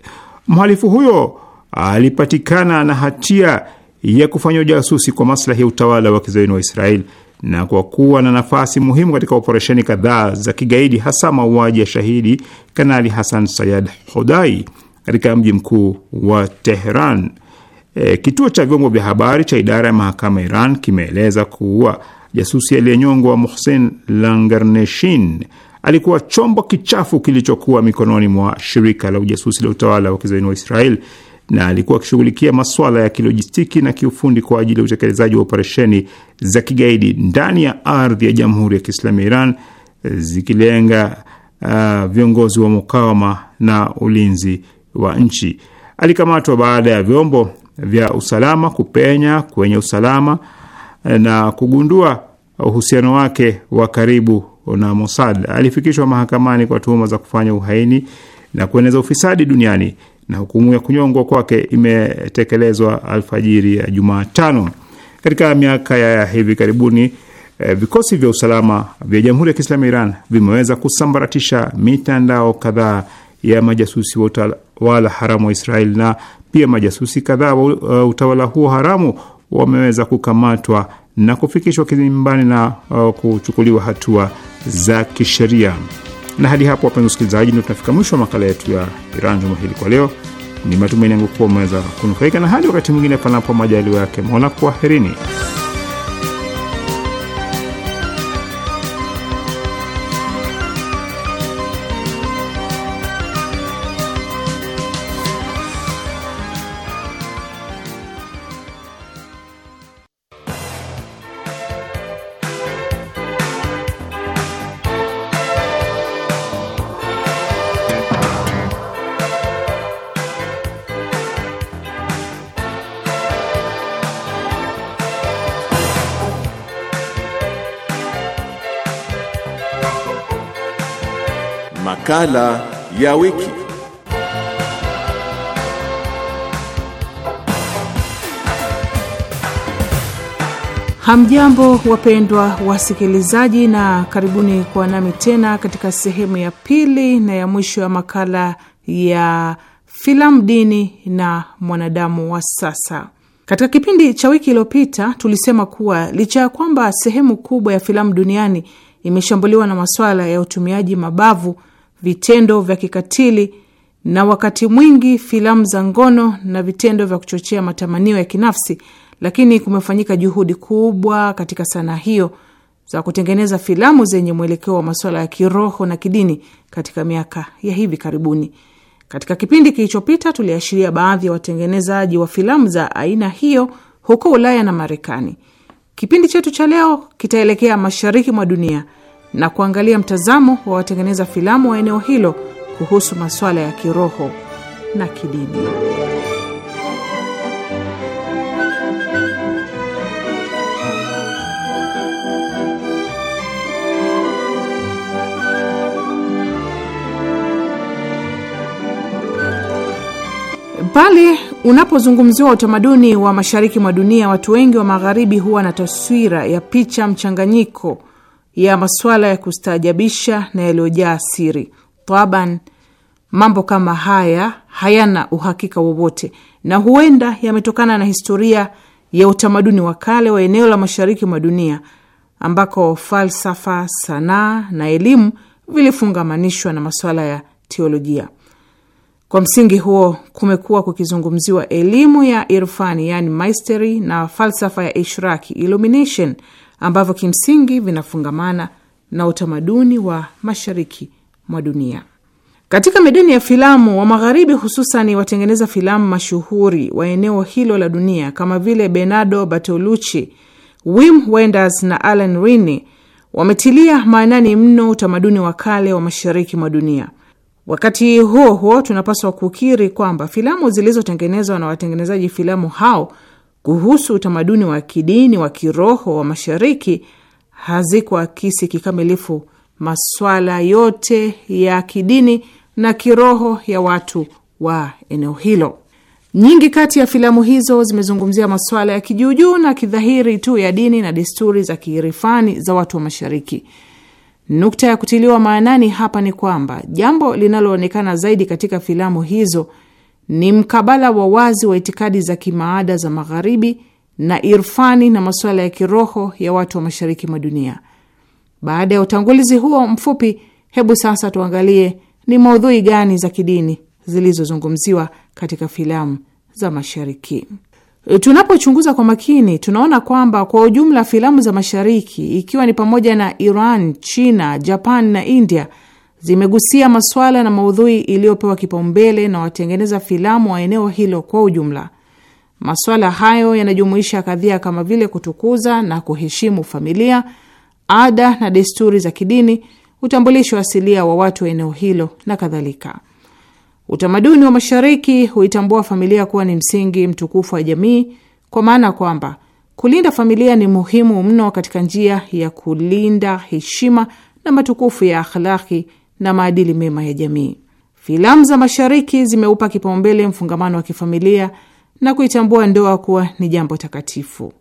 Mhalifu huyo alipatikana na hatia ya kufanya ujasusi kwa maslahi ya utawala wa kizayuni wa Israel na kwa kuwa na nafasi muhimu katika operesheni kadhaa za kigaidi, hasa mauaji ya shahidi Kanali Hasan Sayad Hodai katika mji mkuu wa Teheran. E, kituo cha vyombo vya habari cha idara ya mahakama Iran kimeeleza kuwa jasusi aliyenyongwa Mohsen Langarneshin alikuwa chombo kichafu kilichokuwa mikononi mwa shirika la ujasusi la utawala wa kizayuni wa Israeli na alikuwa akishughulikia masuala ya kilojistiki na kiufundi kwa ajili ya utekelezaji wa operesheni za kigaidi ndani ya ardhi ya Jamhuri ya Kiislamu ya Iran zikilenga uh, viongozi wa mukawama na ulinzi wa nchi. Alikamatwa baada ya vyombo vya usalama kupenya kwenye usalama uh, na kugundua uhusiano wake wa karibu na Mossad. Alifikishwa mahakamani kwa tuhuma za kufanya uhaini na kueneza ufisadi duniani na hukumu ya kunyongwa kwake imetekelezwa alfajiri ya Jumatano. Katika miaka ya hivi karibuni e, vikosi vya usalama vya Jamhuri ya Kiislamu ya Iran vimeweza kusambaratisha mitandao kadhaa ya majasusi wa utawala haramu wa Israeli na pia majasusi kadhaa wa eh, utawala huo haramu wameweza kukamatwa na kufikishwa kizimbani na uh, kuchukuliwa hatua za kisheria. Na hadi hapo, wapenzi wasikilizaji, ndio tunafika mwisho wa makala yetu ya Iran juma hili kwa leo. Ni matumaini yangu kuwa umeweza kunufaika, na hadi wakati mwingine, panapo majaliwa yake Mola, kwaherini. Makala ya wiki. Hamjambo wapendwa wasikilizaji, na karibuni kwa nami tena katika sehemu ya pili na ya mwisho ya makala ya filamu, dini na mwanadamu wa sasa. Katika kipindi cha wiki iliyopita tulisema kuwa licha ya kwamba sehemu kubwa ya filamu duniani imeshambuliwa na masuala ya utumiaji mabavu vitendo vya kikatili na wakati mwingi filamu za ngono na vitendo vya kuchochea matamanio ya kinafsi, lakini kumefanyika juhudi kubwa katika sanaa hiyo za kutengeneza filamu zenye mwelekeo wa masuala ya kiroho na kidini katika miaka ya hivi karibuni. Katika kipindi kilichopita, tuliashiria baadhi ya watengenezaji wa filamu za aina hiyo huko Ulaya na Marekani. Kipindi chetu cha leo kitaelekea mashariki mwa dunia na kuangalia mtazamo wa watengeneza filamu wa eneo hilo kuhusu masuala ya kiroho na kidini. Pale unapozungumziwa utamaduni wa mashariki mwa dunia, watu wengi wa magharibi huwa na taswira ya picha mchanganyiko ya masuala ya kustaajabisha na yaliyojaa siri. Taban, mambo kama haya hayana uhakika wowote na huenda yametokana na historia ya utamaduni wa kale wa eneo la mashariki mwa dunia ambako falsafa, sanaa na elimu vilifungamanishwa na masuala ya teolojia. Kwa msingi huo kumekuwa kukizungumziwa elimu ya irfani, yani maisteri, na falsafa ya ishraki, illumination, ambavyo kimsingi vinafungamana na utamaduni wa mashariki mwa dunia. Katika medeni ya filamu wa magharibi, hususani watengeneza filamu mashuhuri wa eneo hilo la dunia kama vile Bernardo Bertolucci, Wim Wenders na Alan Rini wametilia maanani mno utamaduni wa kale wa mashariki mwa dunia. Wakati huo huo, tunapaswa kukiri kwamba filamu zilizotengenezwa na watengenezaji filamu hao kuhusu utamaduni wa kidini wa kiroho wa Mashariki hazikuakisi kikamilifu maswala yote ya kidini na kiroho ya watu wa eneo hilo. Nyingi kati ya filamu hizo zimezungumzia maswala ya kijuujuu na kidhahiri tu ya dini na desturi za kiirifani za watu wa Mashariki. Nukta ya kutiliwa maanani hapa ni kwamba jambo linaloonekana zaidi katika filamu hizo ni mkabala wa wazi wa itikadi za kimaada za Magharibi na irfani na masuala ya kiroho ya watu wa mashariki mwa dunia. Baada ya utangulizi huo mfupi, hebu sasa tuangalie ni maudhui gani za kidini zilizozungumziwa katika filamu za mashariki. Tunapochunguza kwa makini, tunaona kwamba kwa ujumla filamu za mashariki, ikiwa ni pamoja na Iran, China, Japan na India zimegusia masuala na maudhui iliyopewa kipaumbele na watengeneza filamu wa eneo hilo kwa ujumla. Masuala hayo yanajumuisha kadhia kama vile kutukuza na kuheshimu familia, ada na desturi za kidini, utambulisho asilia wa watu wa eneo hilo na kadhalika. Utamaduni wa Mashariki huitambua familia kuwa ni msingi mtukufu wa jamii, kwa maana kwamba kulinda familia ni muhimu mno katika njia ya kulinda heshima na matukufu ya akhlaki na maadili mema ya jamii. Filamu za Mashariki zimeupa kipaumbele mfungamano wa kifamilia na kuitambua ndoa kuwa ni jambo takatifu.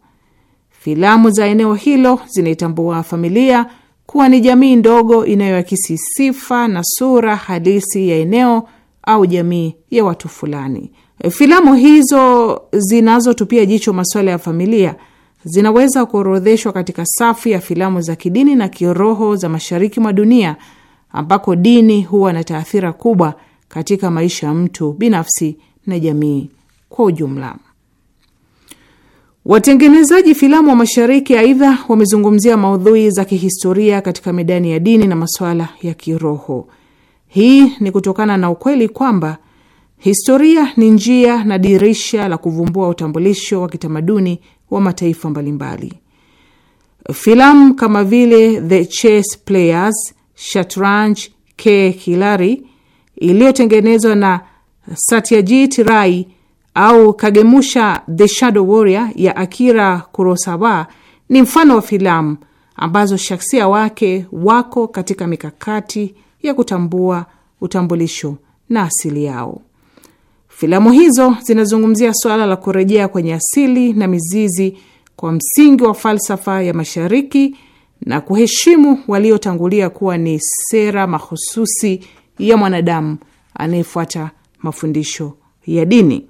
Filamu za eneo hilo zinaitambua familia kuwa ni jamii ndogo inayoakisi sifa na sura halisi ya eneo au jamii ya watu fulani. Filamu hizo zinazotupia jicho masuala ya familia zinaweza kuorodheshwa katika safu ya filamu za kidini na kiroho za mashariki mwa dunia ambako dini huwa na taathira kubwa katika maisha ya mtu binafsi na jamii kwa ujumla. Watengenezaji filamu wa Mashariki aidha wamezungumzia maudhui za kihistoria katika medani ya dini na masuala ya kiroho. Hii ni kutokana na ukweli kwamba historia ni njia na dirisha la kuvumbua utambulisho wa kitamaduni wa mataifa mbalimbali. Filamu kama vile The Chess Players Shatranj K Kilari iliyotengenezwa na Satyajit rai au Kagemusha The Shadow Warrior ya Akira Kurosawa ni mfano wa filamu ambazo shaksia wake wako katika mikakati ya kutambua utambulisho na asili yao. Filamu hizo zinazungumzia suala la kurejea kwenye asili na mizizi kwa msingi wa falsafa ya Mashariki na kuheshimu waliotangulia kuwa ni sera mahususi ya mwanadamu anayefuata mafundisho ya dini.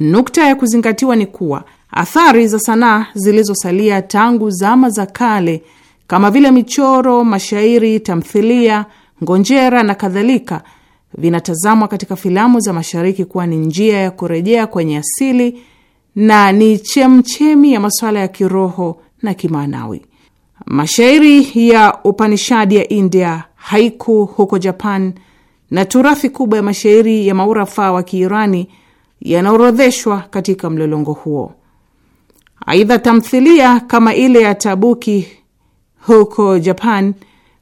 Nukta ya kuzingatiwa ni kuwa athari za sanaa zilizosalia tangu zama za kale kama vile michoro, mashairi, tamthilia, ngonjera na kadhalika vinatazamwa katika filamu za Mashariki kuwa ni njia ya kurejea kwenye asili na ni chemchemi ya masuala ya kiroho na kimaanawi mashairi ya Upanishadi ya India, haiku huko Japan na turafi kubwa ya mashairi ya maurafaa wa Kiirani yanaorodheshwa katika mlolongo huo. Aidha, tamthilia kama ile ya Tabuki huko Japan,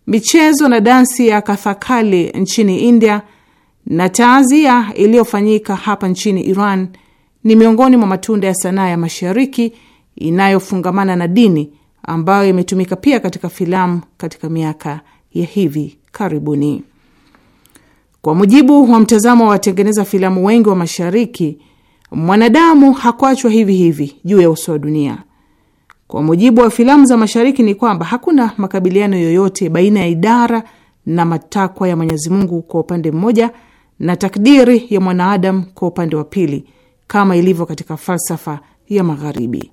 michezo na dansi ya Kathakali nchini India na taazia iliyofanyika hapa nchini Iran ni miongoni mwa matunda ya sanaa ya Mashariki inayofungamana na dini ambayo imetumika pia katika filamu katika miaka ya hivi karibuni. Kwa mujibu wa mtazamo wa watengeneza filamu wengi wa Mashariki, mwanadamu hakuachwa hivi hivi juu ya uso wa dunia. Kwa mujibu wa filamu za Mashariki ni kwamba hakuna makabiliano yoyote baina ya idara na matakwa ya Mwenyezi Mungu kwa upande mmoja na takdiri ya mwanaadamu kwa upande wa pili, kama ilivyo katika falsafa ya Magharibi.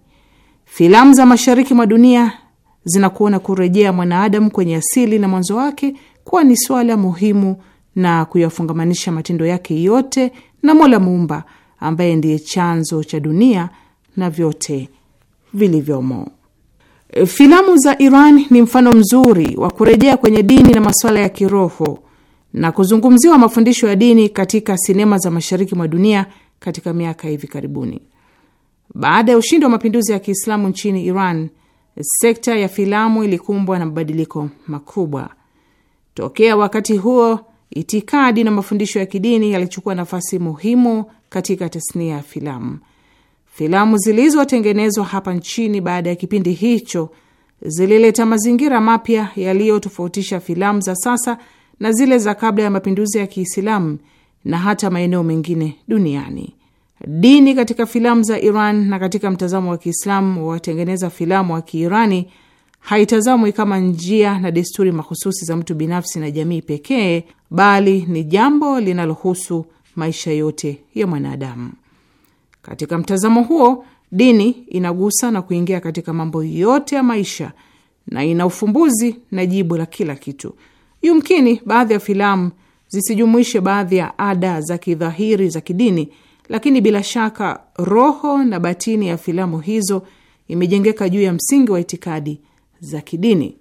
Filamu za mashariki mwa dunia zinakuona kurejea mwanaadamu kwenye asili na mwanzo wake kuwa ni swala muhimu na kuyafungamanisha matendo yake yote na Mola Muumba ambaye ndiye chanzo cha dunia na vyote vilivyomo. Filamu za Iran ni mfano mzuri wa kurejea kwenye dini na masuala ya kiroho na kuzungumziwa mafundisho ya dini katika sinema za mashariki mwa dunia katika miaka hivi karibuni. Baada ya ushindi wa mapinduzi ya Kiislamu nchini Iran, sekta ya filamu ilikumbwa na mabadiliko makubwa. Tokea wakati huo, itikadi na mafundisho ya kidini yalichukua nafasi muhimu katika tasnia ya filamu. Filamu zilizotengenezwa hapa nchini baada ya kipindi hicho zilileta mazingira mapya yaliyotofautisha filamu za sasa na zile za kabla ya mapinduzi ya Kiislamu na hata maeneo mengine duniani. Dini katika filamu za Iran na katika mtazamo wa Kiislamu wa watengeneza filamu wa Kiirani haitazamwi kama njia na desturi mahususi za mtu binafsi na jamii pekee, bali ni jambo linalohusu maisha yote ya mwanadamu. Katika mtazamo huo, dini inagusa na kuingia katika mambo yote ya maisha na ina ufumbuzi na jibu la kila kitu. Yumkini baadhi ya filamu zisijumuishe baadhi ya ada za kidhahiri za kidini lakini bila shaka roho na batini ya filamu hizo imejengeka juu ya msingi wa itikadi za kidini.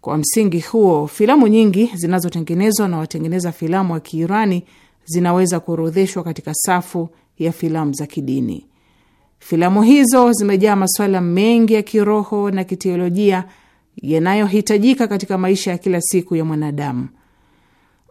Kwa msingi huo, filamu nyingi zinazotengenezwa na watengeneza filamu wa Kiirani zinaweza kuorodheshwa katika safu ya filamu za kidini. Filamu hizo zimejaa masuala mengi ya kiroho na kiteolojia yanayohitajika katika maisha ya kila siku ya mwanadamu.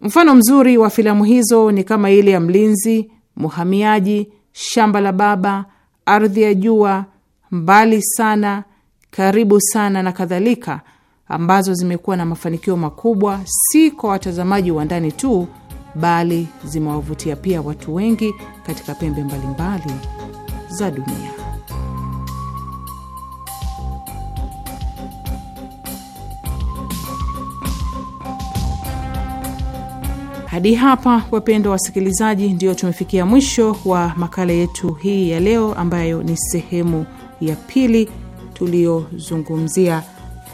Mfano mzuri wa filamu hizo ni kama ile ya Mlinzi Muhamiaji, Shamba la Baba, Ardhi ya Jua, Mbali Sana, Karibu Sana na kadhalika, ambazo zimekuwa na mafanikio makubwa si kwa watazamaji wa ndani tu, bali zimewavutia pia watu wengi katika pembe mbalimbali za dunia. Hadi hapa, wapendwa wasikilizaji, ndio tumefikia mwisho wa makala yetu hii ya leo, ambayo ni sehemu ya pili tuliyozungumzia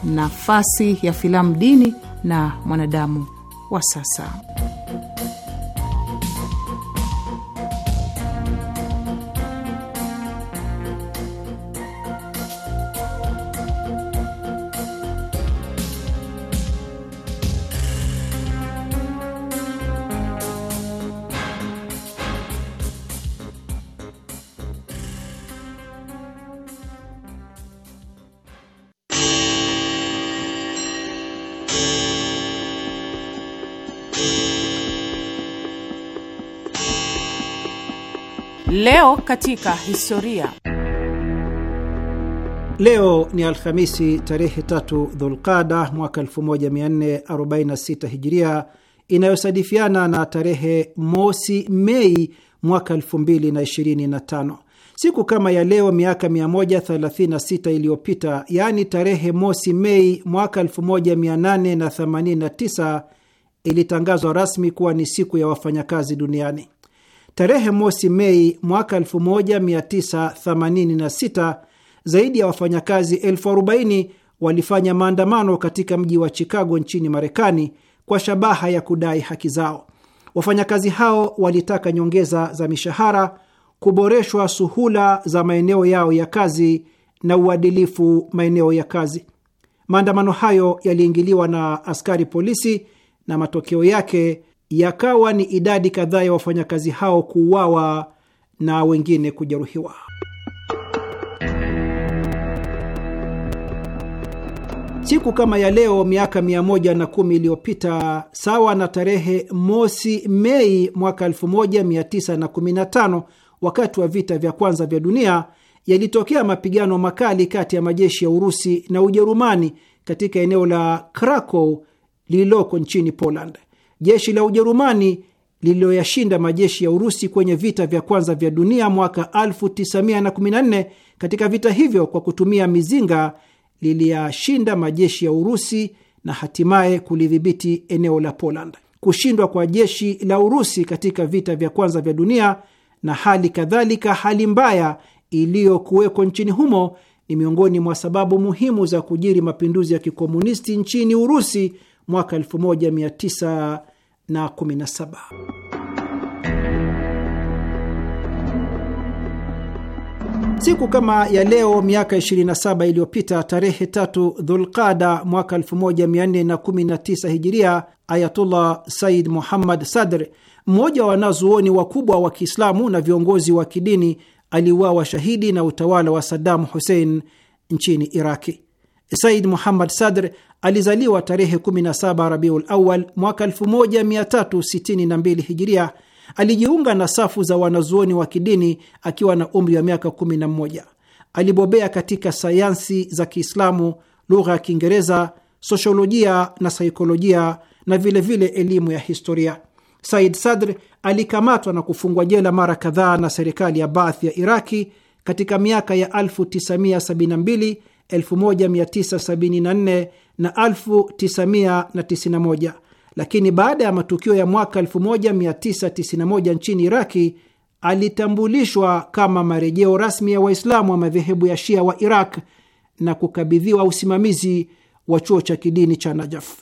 nafasi ya filamu dini na mwanadamu wa sasa. Leo katika historia. Leo ni Alhamisi tarehe tatu Dhulqada mwaka 1446 Hijiria, inayosadifiana na tarehe mosi Mei mwaka 2025. Siku kama ya leo miaka 136 iliyopita, yaani tarehe mosi Mei mwaka 1889 ilitangazwa rasmi kuwa ni siku ya wafanyakazi duniani. Tarehe mosi Mei mwaka 1986 zaidi ya wafanyakazi elfu arobaini walifanya maandamano katika mji wa Chicago nchini Marekani kwa shabaha ya kudai haki zao. Wafanyakazi hao walitaka nyongeza za mishahara, kuboreshwa suhula za maeneo yao ya kazi na uadilifu maeneo ya kazi. Maandamano hayo yaliingiliwa na askari polisi na matokeo yake yakawa ni idadi kadhaa ya wafanyakazi hao kuuawa na wengine kujeruhiwa. Siku kama ya leo miaka 11 iliyopita sawa na tarehe mosi Mei mwaka 1915, wakati wa vita vya kwanza vya dunia, yalitokea mapigano makali kati ya majeshi ya Urusi na Ujerumani katika eneo la Krakow lililoko nchini Poland jeshi la Ujerumani lililoyashinda majeshi ya Urusi kwenye vita vya kwanza vya dunia mwaka 1914. Katika vita hivyo, kwa kutumia mizinga, liliyashinda majeshi ya Urusi na hatimaye kulidhibiti eneo la Poland. Kushindwa kwa jeshi la Urusi katika vita vya kwanza vya dunia na hali kadhalika hali mbaya iliyokuwekwa nchini humo ni miongoni mwa sababu muhimu za kujiri mapinduzi ya kikomunisti nchini Urusi mwaka 19 na 17. Siku kama ya leo miaka 27 iliyopita tarehe tatu Dhulqada mwaka 1419 Hijiria, Ayatullah Said Muhammad Sadr, mmoja wa wanazuoni wakubwa wa Kiislamu na viongozi wa kidini, aliuawa shahidi na utawala wa Sadamu Hussein nchini Iraki. Said Muhammad Sadr alizaliwa tarehe 17 Rabiul Awal mwaka 1362 Hijiria. Alijiunga na safu za wanazuoni wa kidini akiwa na umri wa miaka 11. Alibobea katika sayansi za Kiislamu, lugha ya Kiingereza, sosiolojia na saikolojia na vilevile vile elimu ya historia. Said Sadr alikamatwa na kufungwa jela mara kadhaa na serikali ya Baath ya Iraki katika miaka ya 1972 1974 na 1991, lakini baada ya matukio ya mwaka 1991 nchini Iraki alitambulishwa kama marejeo rasmi ya Waislamu wa madhehebu ya Shia wa Iraq na kukabidhiwa usimamizi wa chuo cha kidini cha Najaf.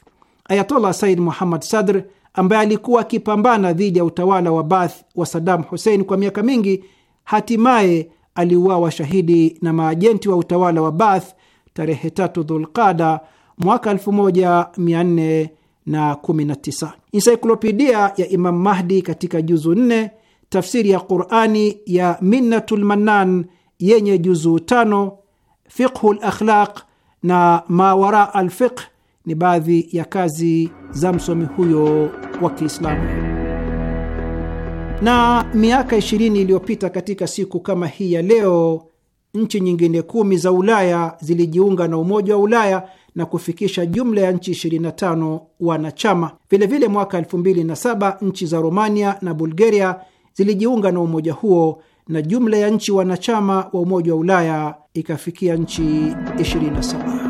Ayatollah Said Muhammad Sadr ambaye alikuwa akipambana dhidi ya utawala wa Baath wa Saddam Hussein kwa miaka mingi, hatimaye aliuawa shahidi na maajenti wa utawala wa Baath tarehe tatu Dhulqada mwaka 1419. Ensyklopidia ya Imam Mahdi katika juzu nne, tafsiri ya Qurani ya Minnatul Mannan yenye juzu tano, Fiqhu Lakhlaq na Mawara Alfiqh ni baadhi ya kazi za msomi huyo wa Kiislamu. Na miaka 20 iliyopita katika siku kama hii ya leo, nchi nyingine kumi za Ulaya zilijiunga na Umoja wa Ulaya na kufikisha jumla ya nchi 25 wanachama. Vilevile mwaka 2007 nchi za Romania na Bulgaria zilijiunga na umoja huo na jumla ya nchi wanachama wa Umoja wa Ulaya ikafikia nchi 27.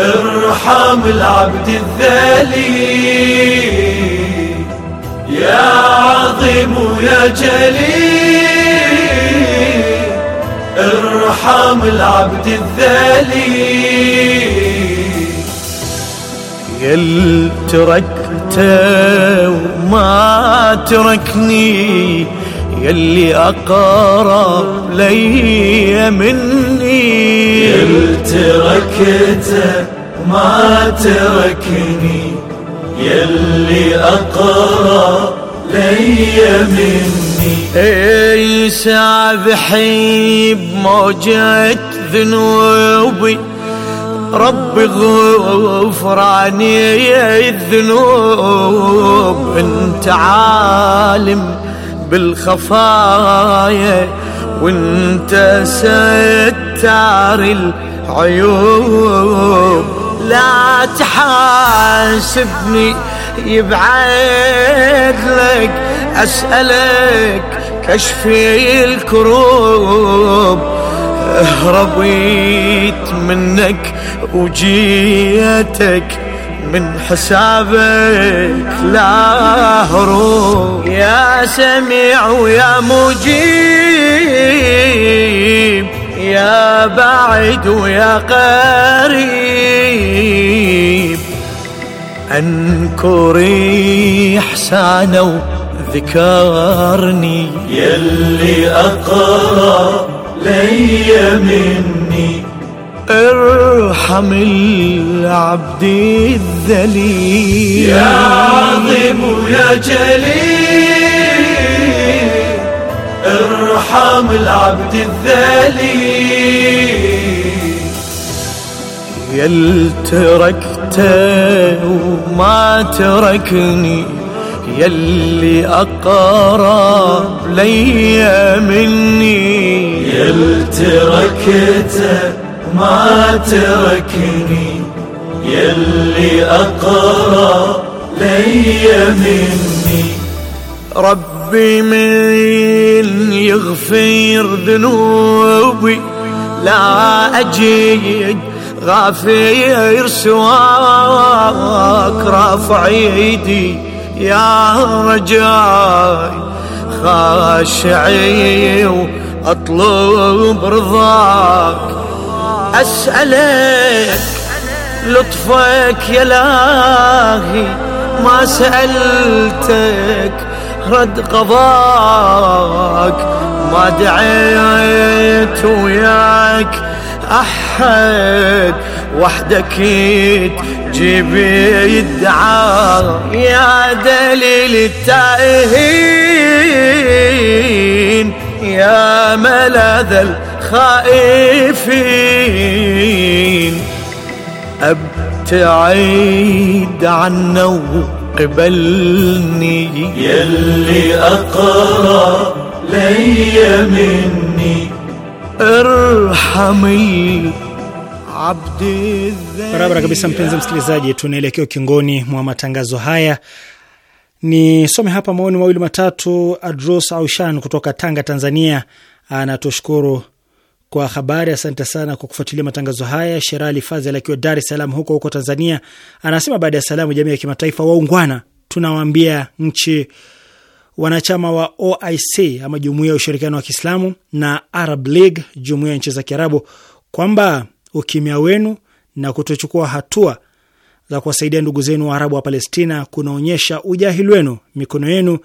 ارحم العبد الذليل يا عظيم يا جليل ارحم العبد الذليل يل تركته وما تركني يلي أقرب لي مني يل تركته ما تركني يلي أقرب لي مني اي بحيب بموجة ذنوبي ربي غفراني الذنوب انت عالم بالخفايا وانت ستار العيوب لا تحاسبني يبعد لك أسألك كشفي الكروب اهربيت منك وجيتك من حسابك لا هروب يا سميع ويا مجيب يا بعيد ويا قريب انكري احسانا وذكرني يلي اقرب لي من ارحم العبد الذليل يا عظيم يا جليل ارحم العبد الذليل يل تركت وما تركني يلي أقرب لي مني يل تركته ما تركني يلي أقرأ لي مني ربي من يغفر ذنوبي لا أجيد غافير سواك رافع يدي يا رجاي خاشعي واطلب رضاك أسألك لطفك يا لاهي ما سألتك رد قضاك ما دعيت وياك أحد وحدك تجيب يدعى يا دليل التائهين يا ملاذ خائفين ابتعد عنا وقبلني يلي اقرب لي مني ارحمي abdi barabara kabisa. Mpenzi msikilizaji, tunaelekea ukingoni mwa matangazo haya. Nisome hapa maoni mawili matatu. Adros Aushan kutoka Tanga, Tanzania, anatushukuru kwa habari. Asante sana kwa kufuatilia matangazo haya. Sherali Fazel akiwa Dar es Salaam huko huko Tanzania anasema baada ya salamu, jamii ya kimataifa, waungwana, tunawaambia nchi wanachama wa OIC ama Jumuiya ya Ushirikiano wa Kiislamu na Arab League, jumuiya ya nchi za Kiarabu, kwamba ukimya wenu na kutochukua hatua za kuwasaidia ndugu zenu wa arabu wa Palestina kunaonyesha ujahili wenu. Mikono yenu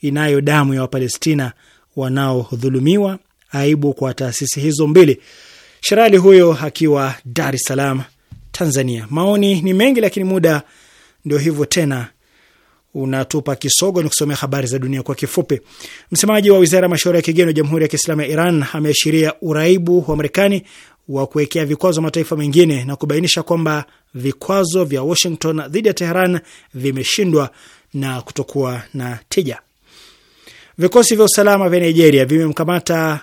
inayo damu ya Wapalestina wanaodhulumiwa aibu kwa taasisi hizo mbili. Sherali huyo akiwa Dar es Salaam, Tanzania. Maoni ni mengi, lakini muda ndio hivyo tena unatupa kisogo. Ni kusomea habari za dunia kwa kifupi. Msemaji wa wizara ya mashauri ya kigeni ya Jamhuri ya Kiislamu ya Iran ameashiria uraibu wa Marekani wa kuwekea vikwazo mataifa mengine na kubainisha kwamba vikwazo vya Washington dhidi ya Teheran vimeshindwa na kutokuwa na tija. Vikosi vya usalama vya Nigeria vimemkamata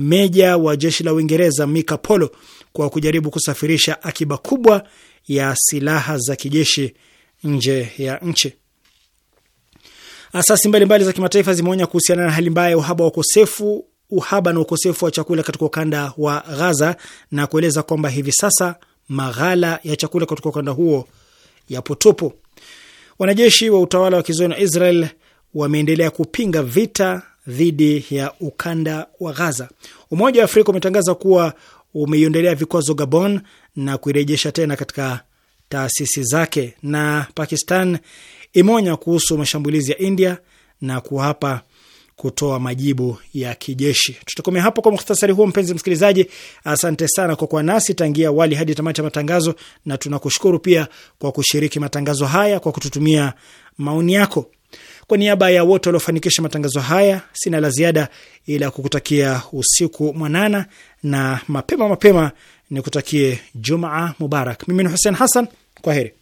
meja wa jeshi la Uingereza Mika Polo kwa kujaribu kusafirisha akiba kubwa ya silaha za kijeshi nje ya nchi. Asasi mbalimbali za kimataifa zimeonya kuhusiana na hali mbaya ya uhaba wa ukosefu uhaba na ukosefu wa chakula katika ukanda wa Gaza na kueleza kwamba hivi sasa maghala ya chakula katika ukanda huo yapo tupu. Wanajeshi wa utawala wa kizoni wa Israel wameendelea kupinga vita dhidi ya ukanda wa Gaza. Umoja wa Afrika umetangaza kuwa umeiondelea vikwazo Gabon na kuirejesha tena katika taasisi zake, na Pakistan imeonya kuhusu mashambulizi ya India na kuapa kutoa majibu ya kijeshi. Tutakomea hapo kwa mukhtasari huo. Mpenzi msikilizaji, asante sana kwa kuwa nasi tangia awali hadi tamati ya matangazo, na tunakushukuru pia kwa kushiriki matangazo haya kwa kututumia maoni yako. Kwa niaba ya wote waliofanikisha matangazo haya, sina la ziada ila kukutakia usiku mwanana na mapema mapema nikutakie Jumaa Mubarak. Mimi ni Hussein Hassan, kwa heri.